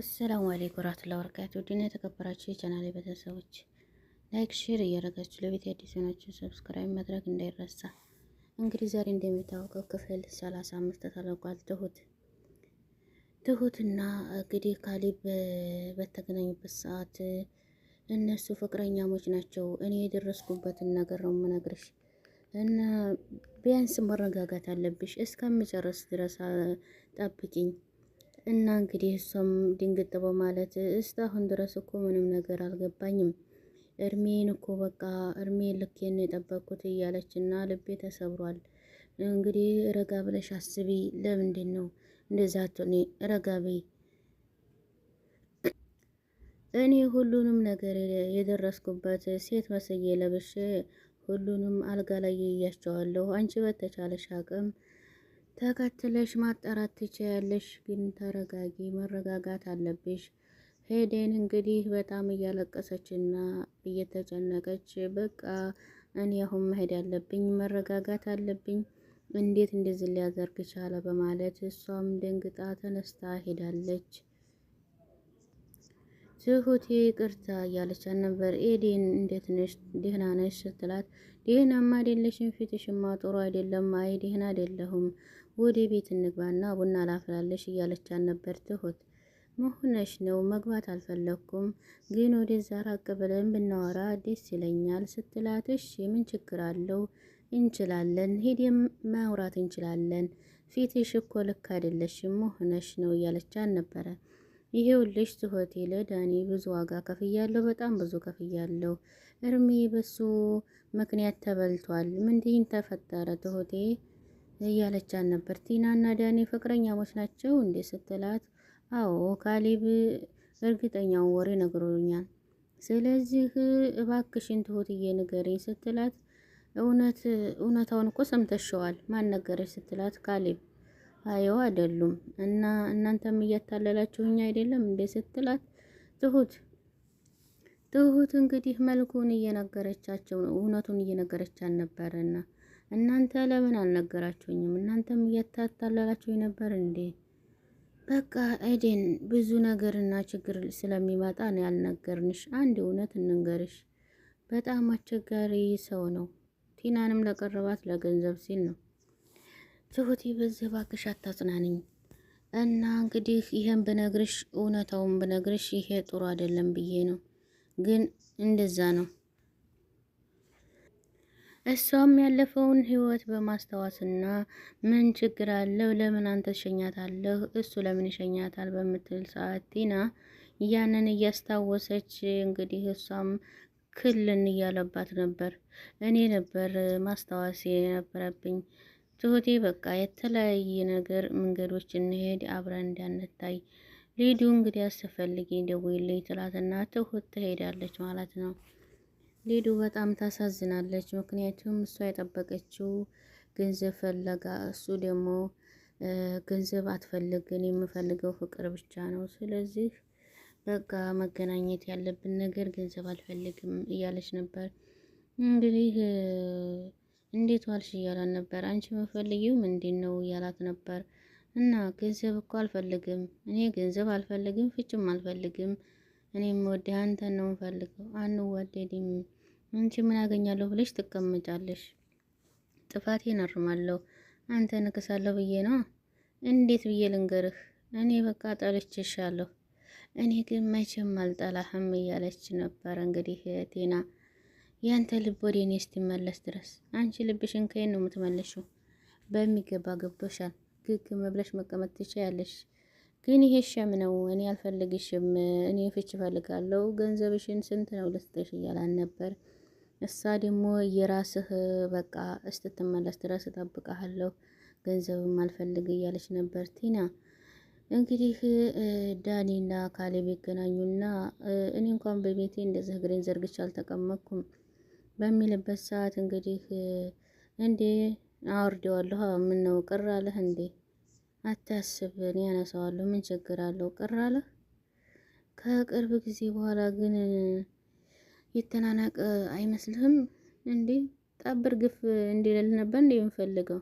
አሰላሙ አለይኩም ወራህመቱላሂ ወበረካቱ። ውድና የተከበራችሁ የቻናል ቤተሰቦች ላይክ፣ ሼር እያደረጋችሁ ለቤት አዲስ የሆናችሁ ሰብስክራይብ ማድረግ እንዳይረሳ። እንግዲህ ዛሬ እንደሚታወቀው ክፍል ሰላሳ ተለቋል። ትሁት ትሁትና እንግዲህ ካሌብ በተገናኙበት ሰዓት እነሱ ፍቅረኛሞች ናቸው። እኔ የደረስኩበትን ነገር ነው የምነግርሽ እና ቢያንስ መረጋጋት አለብሽ እስከሚጨርስ ድረስ ጠብቂኝ እና እንግዲህ እሷም ድንግጥ በማለት እስካሁን ድረስ እኮ ምንም ነገር አልገባኝም፣ እድሜን እኮ በቃ እድሜን ልኬን የጠበቅኩት እያለች እና ልቤ ተሰብሯል። እንግዲህ ረጋ ብለሽ አስቢ። ለምንድን ነው እንደዛ ትሆኔ? ረጋ በይ። እኔ ሁሉንም ነገር የደረስኩበት ሴት መስዬ ለብሼ ሁሉንም አልጋ ላይ ያቸዋለሁ አንቺ በተቻለሽ አቅም ተከትለሽ ማጣራት ትችያለሽ፣ ግን ተረጋጊ፣ መረጋጋት አለብሽ። ሄደን እንግዲህ በጣም እያለቀሰች እና እየተጨነቀች በቃ እኔ አሁን መሄድ አለብኝ፣ መረጋጋት አለብኝ፣ እንዴት እንደዚህ ሊያደርግ ቻለ በማለት እሷም ደንግጣ ተነስታ ሄዳለች። ትሁቴ ቅርታ እያለች ነበር። ኤዴን እንዴት ነሽ? ደህና ነሽ ስትላት ደህናማ አይደለሽም፣ ፊትሽማ ጥሩ አይደለም። አይ ደህና አይደለሁም ወደ ቤት እንግባና ቡና ላፍላለሽ እያለች ነበር ትሁት። መሆነሽ ነው መግባት አልፈለኩም፣ ግን ወደዛ ራቅ ብለን ብናወራ ደስ ይለኛል ስትላትሽ እሺ ምን ችግር አለው? እንችላለን፣ ሄድ ማውራት እንችላለን። ፊትሽ እኮ ልክ አይደለሽም፣ መሆነሽ ነው እያለች ነበረ። ይሄውልሽ ትሁቴ ለዳኒ ብዙ ዋጋ ከፍያለሁ፣ በጣም ብዙ ከፍያለሁ። እርሜ በሱ ምክንያት ተበልቷል። ምንድን ተፈጠረ ትሁቴ? እያለቻን ነበር። ቲና እና ዳኔ ፍቅረኛሞች ናቸው እንዴ ስትላት፣ አዎ ካሊብ እርግጠኛውን ወሬ ነግሮኛል። ስለዚህ እባክሽን ትሁትዬ ንገሪኝ ስትላት፣ እውነት እውነታውን እኮ ሰምተሸዋል። ማን ነገረሽ ስትላት፣ ካሊብ አየው አይደሉም እና እናንተም እያታለላችሁኛ አይደለም እንዴ ስትላት፣ ትሁት ትሁት እንግዲህ መልኩን እየነገረቻቸው እውነቱን እየነገረቻን ነበርና እናንተ ለምን አልነገራችሁኝም? እናንተም እያታታላላችሁ ነበር እንዴ? በቃ ኤደን፣ ብዙ ነገርና ችግር ስለሚመጣ ነው ያልነገርንሽ። አንድ እውነት እንንገርሽ፣ በጣም አስቸጋሪ ሰው ነው። ቲናንም ለቀረባት ለገንዘብ ሲል ነው። ትሁቲ፣ በዚህ እባክሽ አታጽናንኝ እና እንግዲህ ይሄን ብነግርሽ እውነታውን ብነግርሽ ይሄ ጥሩ አይደለም ብዬ ነው፣ ግን እንደዛ ነው። እሷም ያለፈውን ህይወት በማስታወስና ምን ችግር አለው ለምን አንተ ትሸኛታለህ እሱ ለምን ይሸኛታል በምትል ሰዓት ቲና ያንን እያስታወሰች እንግዲህ እሷም ክልን እያለባት ነበር። እኔ ነበር ማስታወስ የነበረብኝ ትሁቴ፣ በቃ የተለያየ ነገር መንገዶች እንሄድ አብረን እንዳንታይ ሊዱ እንግዲህ አስፈልጊ ደውይልኝ ትላትና ትሁት ትሄዳለች ማለት ነው። ሊዱ በጣም ታሳዝናለች። ምክንያቱም እሷ የጠበቀችው ገንዘብ ፈለጋ፣ እሱ ደግሞ ገንዘብ አትፈልግን፣ የምፈልገው ፍቅር ብቻ ነው። ስለዚህ በቃ መገናኘት ያለብን ነገር ገንዘብ አልፈልግም እያለች ነበር። እንግዲህ እንዴት ዋልሽ እያላት ነበር። አንቺ መፈልጊው ምንድን ነው እያላት ነበር። እና ገንዘብ እኮ አልፈልግም፣ እኔ ገንዘብ አልፈልግም፣ ፍችም አልፈልግም እኔም ወደ አንተን ነው የምፈልገው። አንዋደድም እንጂ ምን አገኛለሁ ብለሽ ትቀመጫለሽ? ጥፋቴን አርማለሁ፣ አንተ እክሳለሁ ብዬ ነው። እንዴት ብዬ ልንገርህ? እኔ በቃ ጠልቼሻለሁ። እኔ ግን መቼም አልጠላህም እያለች ነበረ። እንግዲህ ቴና ያንተ ልብ ወደ እኔ እስኪመለስ ድረስ አንቺ ልብሽን ከየት ነው የምትመለሽው? በሚገባ ገብቶሻል። ግግ መብለሽ መቀመጥ ትችያለሽ። ግን ይሄ ሸም ነው። እኔ አልፈልግሽም፣ እኔ ፍች ፈልጋለሁ፣ ገንዘብሽን ስንት ነው ልስጥሽ እያላን ነበር። እሳ ደግሞ የራስህ በቃ እስትትመለስ ድረስ እጠብቀሃለሁ፣ ገንዘብም አልፈልግ እያለች ነበር ቲና። እንግዲህ ዳኒና ካሌብ ይገናኙና እኔ እንኳን በቤቴ እንደዚህ እግሬን ዘርግቼ አልተቀመጥኩም በሚልበት ሰዓት እንግዲህ እንዴ አወርደዋለሁ፣ ምነው ቅር አለህ እንዴ አታስብ፣ እኔ ያነሳዋለሁ። ምን ችግር አለው? ቅር አለ። ከቅርብ ጊዜ በኋላ ግን የተናናቀ አይመስልህም እንዴ? ጣብር ግፍ እንዲለል ነበር እንዴ የምፈልገው?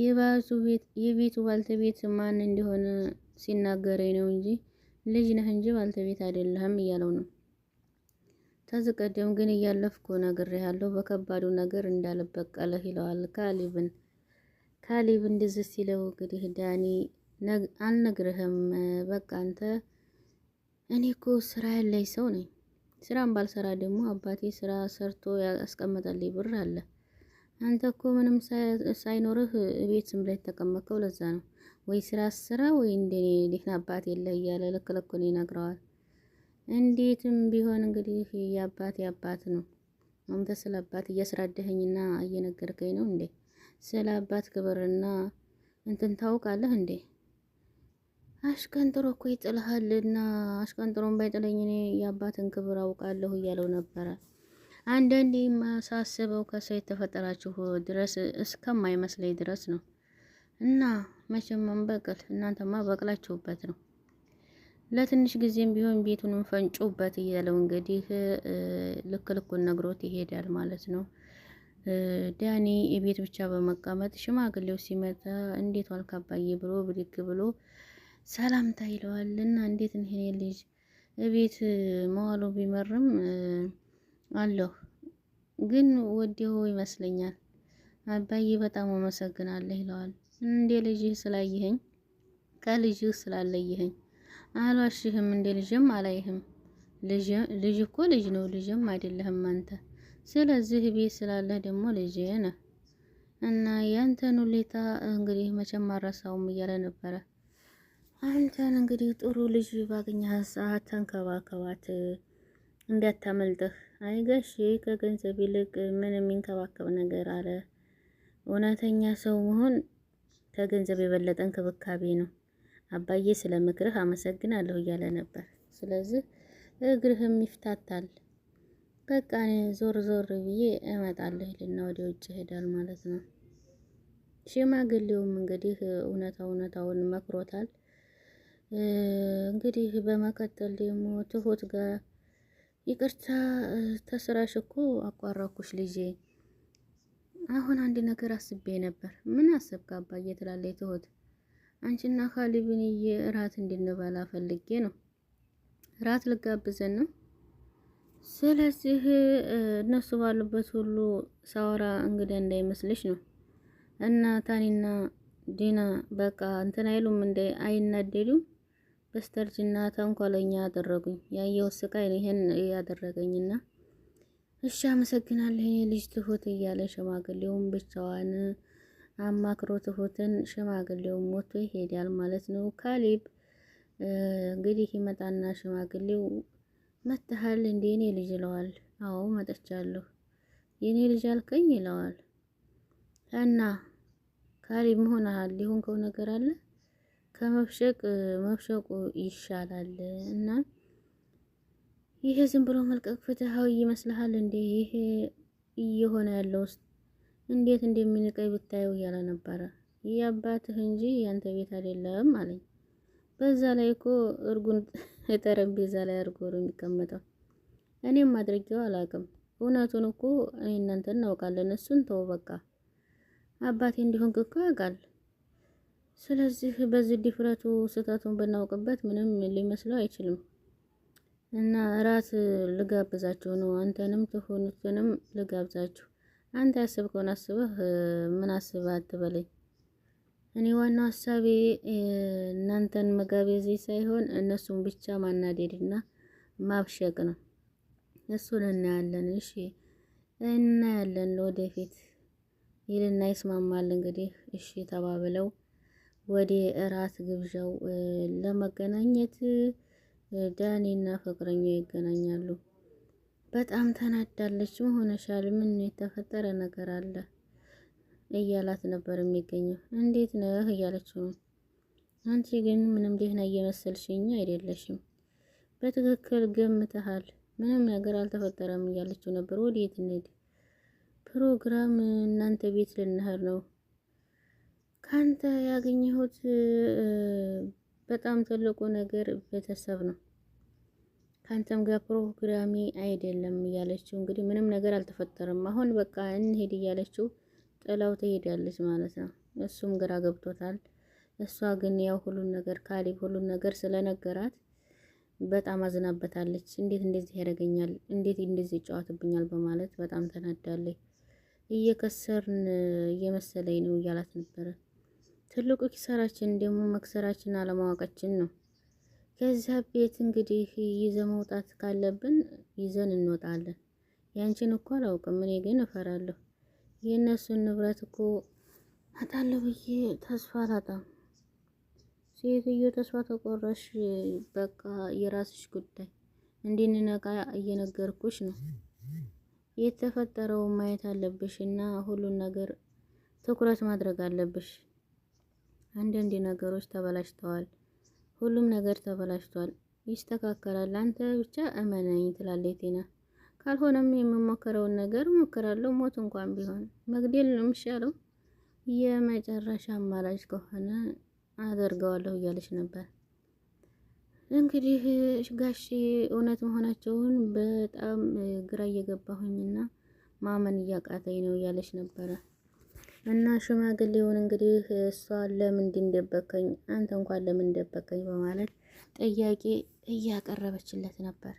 የባሱ ቤት የቤቱ ባልተቤት ማን እንደሆነ ሲናገረኝ ነው እንጂ ልጅ ነህ እንጂ ባልተቤት አይደለህም እያለው ነው። ከዚህ ግን እያለፍኩ ነግሬሃለሁ፣ በከባዱ ነገር እንዳልበቀለህ ይለዋል ካሊብን ካሌብ እንደዚህ ሲለው እንግዲህ ዳኒ አልነግርህም፣ በቃ አንተ እኔ እኮ ስራ ያለኝ ሰው ነኝ። ስራም ባልሰራ ደግሞ አባቴ ስራ ሰርቶ ያስቀመጠልኝ ብር አለ። አንተ እኮ ምንም ሳይኖርህ ቤት ዝም ብለህ የተቀመጥከው ለዛ ነው። ወይ ስራ ስራ ወይ እንደኔ እንዴት አባቴ የለ እያለ ልክ ልኩን ይነግረዋል። እንዴትም ቢሆን እንግዲህ የአባቴ አባት ነው። አንተ ስለ አባት እያስራደኸኝና እየነገርከኝ ነው እንዴ? ስለ አባት ክብርና እንትን ታውቃለህ እንዴ? አሽቀንጥሮ እኮ ይጥልሃልና አሽቀንጥሮን ባይጥለኝ እኔ የአባትን ክብር አውቃለሁ እያለው ነበረ። አንዳንዴ የማሳስበው ከሰው የተፈጠራችሁ ድረስ እስከማይመስለኝ ድረስ ነው። እና መቼም መንበቅል እናንተማ በቅላችሁበት ነው። ለትንሽ ጊዜም ቢሆን ቤቱንም ፈንጩበት እያለው እንግዲህ ልክ ልኩን ነግሮት ይሄዳል ማለት ነው። ዳኒ የቤት ብቻ በመቀመጥ ሽማግሌው ሲመጣ እንዴት ዋልክ አባዬ ብሎ ብድግ ብሎ ሰላምታ ይለዋል። እና እንዴት ይሄ ልጅ ቤት መዋሉ ቢመርም አለሁ ግን ወዲሁ ይመስለኛል አባዬ በጣም አመሰግናለሁ ይለዋል። እንደ ልጅህ ስላየኸኝ ከልጅህ ስላለየኸኝ አሏሽህም እንደ ልጅም አላይህም። ልጅ እኮ ልጅ ነው፣ ልጅም አይደለህም አንተ ስለዚህ ቤት ስላለህ ደግሞ ልጅ ነህ እና ያንተን ሁኔታ እንግዲህ መቼም ማረሳውም እያለ ነበረ። አንተን እንግዲህ ጥሩ ልጅ ባገኘህ ሰዓት ተንከባከባት እንዳታመልጥህ። አይ ከገንዘብ ይልቅ ምን የሚንከባከብ ነገር አለ? እውነተኛ ሰው መሆን ከገንዘብ የበለጠ እንክብካቤ ነው። አባዬ ስለ ምክርህ አመሰግናለሁ እያለ ነበር። ስለዚህ እግርህም ይፍታታል። በቃ እኔ ዞር ዞር ብዬ እመጣለሁ ልና ወደ ውጭ ይሄዳል ማለት ነው። ሽማግሌውም እንግዲህ እውነታ እውነታውን መክሮታል። እንግዲህ በመቀጠል ደግሞ ትሁት ጋር ይቅርታ ተስራሽ እኮ አቋረኩሽ ልጄ። አሁን አንድ ነገር አስቤ ነበር። ምን አሰብክ አባዬ? ትላለች ትሁት። አንቺና ካሊብን እራት እንድንበላ ፈልጌ ነው። እራት ልጋብዘን ነው ስለዚህ እነሱ ባሉበት ሁሉ ሳወራ እንግዲህ እንዳይመስልሽ ነው። እና ታኒና ዲና በቃ እንትን አይሉም እንደ አይናደዱም። በስተርጅና ተንኮለኛ አደረጉኝ። ያየው ስቃይ ነው ይሄን ያደረገኝና እሺ አመሰግናለሁ የኔ ልጅ ትሁት እያለ ሽማግሌውም ብቻዋን አማክሮ ትሁትን ሽማግሌውም ሞቶ ይሄዳል ማለት ነው። ካሊብ እንግዲህ ይመጣና ሽማግሌው መጥተሃል እንዴ የኔ ልጅ ይለዋል። አዎ መጥቻለሁ የኔ ልጅ አልከኝ ይለዋል። እና ካሪ መሆንሃል ሊሆንከው ነገር አለ ከመብሸቅ መብሸቁ ይሻላል እና ይሄ ዝም ብሎ መልቀቅ ፍትሃዊ ይመስልሃል እንዴ? ይሄ እየሆነ ያለው ውስጥ እንዴት እንደሚንቀይ ብታየው እያለ ነበረ። ይህ አባትህ እንጂ ያንተ ቤት አይደለም አለኝ። በዛ ላይ እኮ እርጉን የጠረጴዛ ላይ አድርጎ ነው የሚቀመጠው። እኔም አድርጌው አላውቅም። እውነቱን እኮ እናንተ እናውቃለን። እሱን ተው በቃ አባቴ እንዲሆን እኮ ያውቃል። ስለዚህ በዚህ ድፍረቱ ስህተቱን ብናውቅበት ምንም ሊመስለው አይችልም። እና እራት ልጋብዛችሁ ነው። አንተንም ትሆኑትንም ልጋብዛችሁ። አንተ ያስብከውን አስበህ ምን አስበህ አትበለኝ። እኔ ዋናው ሀሳቤ እናንተን መጋበዝ ሳይሆን እነሱን ብቻ ማናደድና ማብሸቅ ነው። እሱን እናያለን። እሺ እናያለን ለወደፊት ይልና ይስማማል። እንግዲህ እሺ ተባብለው ወደ እራት ግብዣው ለመገናኘት ዳኒና ፍቅረኛ ይገናኛሉ። በጣም ተናዳለች። መሆነሻል? ምን የተፈጠረ ነገር አለ? እያላት ነበር የሚገኘው። እንዴት ነህ እያለችው ነው። አንቺ ግን ምንም ደህና እየመሰልሽኝ አይደለሽም። በትክክል ገምተሃል። ምንም ነገር አልተፈጠረም እያለችው ነበር። ወዴት እንሂድ? ፕሮግራም እናንተ ቤት ልንሄድ ነው። ካንተ ያገኘሁት በጣም ትልቁ ነገር ቤተሰብ ነው። ካንተም ጋር ፕሮግራሜ አይደለም እያለችው እንግዲህ ምንም ነገር አልተፈጠረም። አሁን በቃ እንሄድ እያለችው ጥላው ትሄዳለች ማለት ነው። እሱም ግራ ገብቶታል። እሷ ግን ያው ሁሉን ነገር ካሌብ ሁሉን ነገር ስለነገራት በጣም አዝናበታለች። እንዴት እንደዚህ ያደርገኛል፣ እንዴት እንደዚህ ይጫወትብኛል በማለት በጣም ተናዳለች። እየከሰርን እየመሰለኝ ነው እያላት ነበረ። ትልቁ ኪሳራችን ደግሞ መክሰራችን አለማወቃችን ነው። ከዚያ ቤት እንግዲህ ይዘ መውጣት ካለብን ይዘን እንወጣለን። ያንቺን እኮ አላውቅም እኔ ግን እፈራለሁ። የእነሱን ንብረት እኮ አጣለሁ ብዬ ተስፋ አላጣም። ሴትዮ ተስፋ ተቆረሽ፣ በቃ የራስሽ ጉዳይ። እንድንነቃ እየነገርኩሽ ነው። የተፈጠረውን ማየት አለብሽ እና ሁሉን ነገር ትኩረት ማድረግ አለብሽ። አንዳንድ ነገሮች ተበላሽተዋል። ሁሉም ነገር ተበላሽቷል። ይስተካከላል። አንተ ብቻ እመነኝ ትላለች ቲና። ካልሆነም የምሞክረውን ነገር እሞክራለሁ። ሞት እንኳን ቢሆን መግደል ነው የሚሻለው። የመጨረሻ አማራጭ ከሆነ አደርገዋለሁ እያለች ነበር። እንግዲህ ጋሽ እውነት መሆናቸውን በጣም ግራ እየገባሁኝና ማመን እያቃተኝ ነው እያለች ነበረ። እና ሽማግሌውን እንግዲህ እሷ ለምን እንደደበከኝ አንተ እንኳን ለምን እንደደበከኝ በማለት ጥያቄ እያቀረበችለት ነበር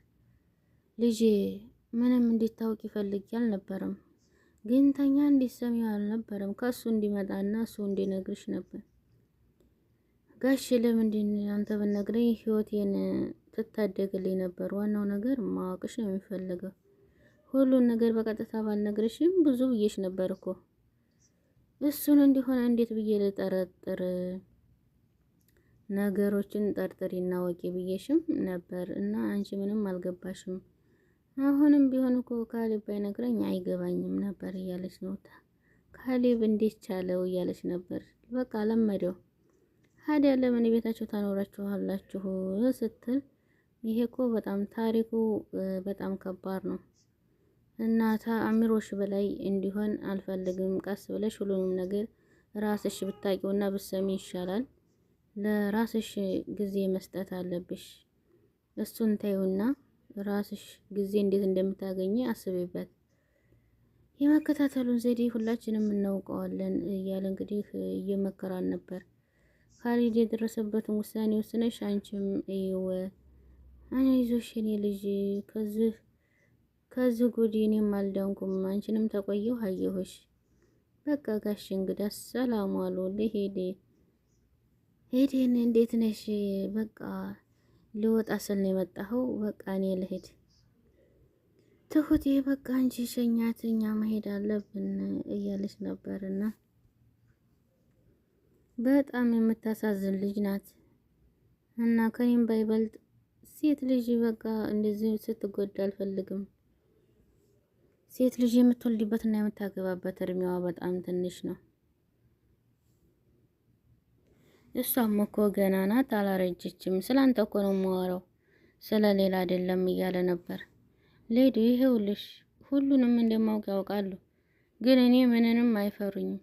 ልጄ ምንም እንዲታወቅ ይፈልጊ አልነበረም፣ ግን ተኛ እንዲሰሚው አልነበረም። ከእሱ እንዲመጣና እሱ እንዲነግርሽ ነበር። ጋሽ ለምንድን አንተ ብነግረኝ ህይወቴን ትታደግልኝ ነበር። ዋናው ነገር ማወቅሽ ነው የሚፈልገው። ሁሉን ነገር በቀጥታ ባልነግርሽም ብዙ ብዬሽ ነበር እኮ እሱን እንዲሆን እንዴት ብዬ ልጠረጥር? ነገሮችን ጠርጥሪ እና ወቂ ብዬሽም ነበር እና አንቺ ምንም አልገባሽም። አሁንም ቢሆን እኮ ካሌብ ባይነግረኝ አይገባኝም ነበር እያለች ነው። ካሌብ እንዴት ቻለው እያለች ነበር። በቃ ለመደው። ታዲያ ለምን ቤታቸው ታኖራችኋላችሁ ስትል ይሄ እኮ በጣም ታሪኩ በጣም ከባድ ነው እና አእምሮሽ በላይ እንዲሆን አልፈልግም። ቀስ ብለሽ ሁሉንም ነገር ራስሽ ብታቂውና ብሰሚ ይሻላል። ለራስሽ ጊዜ መስጠት አለብሽ። እሱን ታዩና ራስሽ ጊዜ እንዴት እንደምታገኘ አስቢበት። የመከታተሉን ዘዴ ሁላችንም እናውቀዋለን እያለ እንግዲህ እየመከራን ነበር። ካሊድ የደረሰበትን ውሳኔ ወስነሽ አንቺም እይወ አይዞሽ የኔ ልጅ ከዚህ ከዚህ ጉድ እኔም አልዳንኩም፣ አንቺንም ተቆየሁ አየሁሽ። በቃ ጋሽ እንግዳ ሰላም አሉ ልሄዴ ሄዴን እንዴት ነሽ? በቃ ሊወጣ ስል ነው የመጣኸው? በቃ እኔ ልሄድ። ትሁት ይህ በቃ እንጂ ሸኛት፣ እኛ መሄድ አለብን እያለች ነበርና በጣም የምታሳዝን ልጅ ናት። እና ከኔም ባይበልጥ ሴት ልጅ በቃ እንደዚህ ስትጎዳ አልፈልግም። ሴት ልጅ የምትወልድበት እና የምታገባበት እድሜዋ በጣም ትንሽ ነው። እሷም እኮ ገና ናት አላረጀችም፣ ስላንተ እኮ ነው የማወራው ስለ ሌላ አይደለም እያለ ነበር። ሌዱ ይሄውልሽ ሁሉንም እንደማውቅ ያውቃሉ፣ ግን እኔ ምንንም አይፈሩኝም።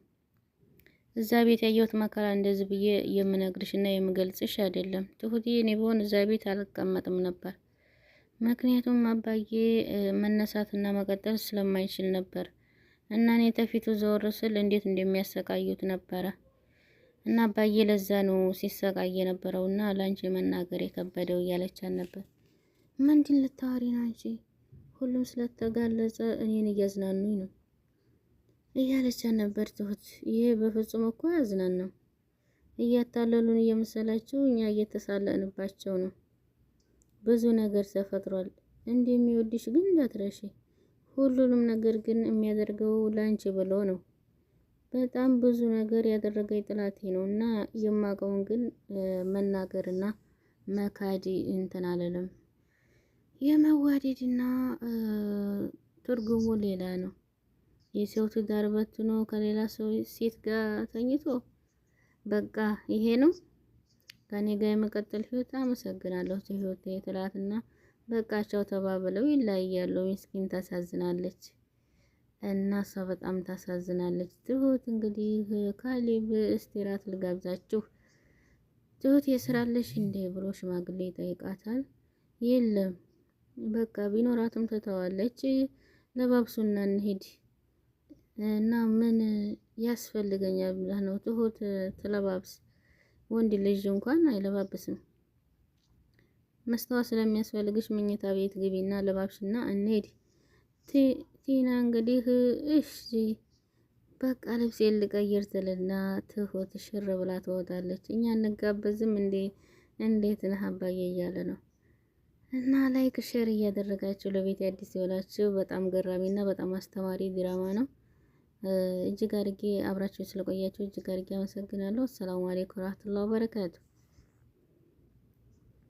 እዛ ቤት ያየሁት መከራ እንደዚህ ብዬ የምነግርሽ እና የምገልጽሽ አይደለም ትሁቴ። እኔ ብሆን እዛ ቤት አልቀመጥም ነበር፣ ምክንያቱም አባዬ መነሳትና መቀጠል ስለማይችል ነበር እና እኔ ተፊቱ ዘወር ስል እንዴት እንደሚያሰቃዩት ነበረ። እና አባዬ ለዛ ነው ሲሰቃይ የነበረው እና ላንቺ መናገር የከበደው እያለቻት ነበር። ምንድን ልታወሪ ነው አንቺ? ሁሉም ስለተጋለጸ እኔን እያዝናኑኝ ነው እያለቻት ነበር ትሁት። ይሄ በፍጹም እኮ ያዝናን እያታለሉን እየመሰላቸው እኛ እየተሳለንባቸው ነው። ብዙ ነገር ተፈጥሯል። እንደሚወድሽ ግን እንዳትረሺ። ሁሉንም ነገር ግን የሚያደርገው ላንቺ ብሎ ነው። በጣም ብዙ ነገር ያደረገኝ ጥላቴ ነው እና የማውቀውን ግን መናገርና መካድ እንትን አለለም። የመዋደድና ትርጉሙ ሌላ ነው። የሰው ትዳር በትኖ ከሌላ ሰው ሴት ጋር ተኝቶ በቃ ይሄ ነው ከኔ ጋር የመቀጠል ህይወት አመሰግናለሁ ህይወት ትላትና በቃቸው ተባብለው ይለያያሉ። ምስኪን ታሳዝናለች። እና እሷ በጣም ታሳዝናለች። ትሁት እንግዲህ ካሌብ እስቲ ራት ልጋብዛችሁ፣ ትሁት የስራለሽ እንዴ ብሎ ሽማግሌ ይጠይቃታል። የለም በቃ ቢኖራትም ትተዋለች። ለባብሱና እንሄድ እና ምን ያስፈልገኛል ብለህ ነው ትሁት ትለባብስ? ወንድ ልጅ እንኳን አይለባብስም። መስተዋት ስለሚያስፈልግሽ መኝታ ቤት ግቢና ለባብሽና እንሄድ ቲና እንግዲህ እሺ በቃ ልብስ ልቀይር ትልና ትሁት ሽር ብላ ትወጣለች። እኛ እንጋበዝም እንዴ እንዴት ነህ አባዬ እያለ ነው። እና ላይክ ሼር እያደረጋችሁ ለቤት አዲስ ይሆናችሁ። በጣም ገራሚና በጣም አስተማሪ ድራማ ነው። እጅግ አድርጌ አብራችሁ ስለቆያችሁ እጅግ አድርጌ አመሰግናለሁ። አሰላሙ አለይኩም ወራህመቱላሂ ወበረካቱ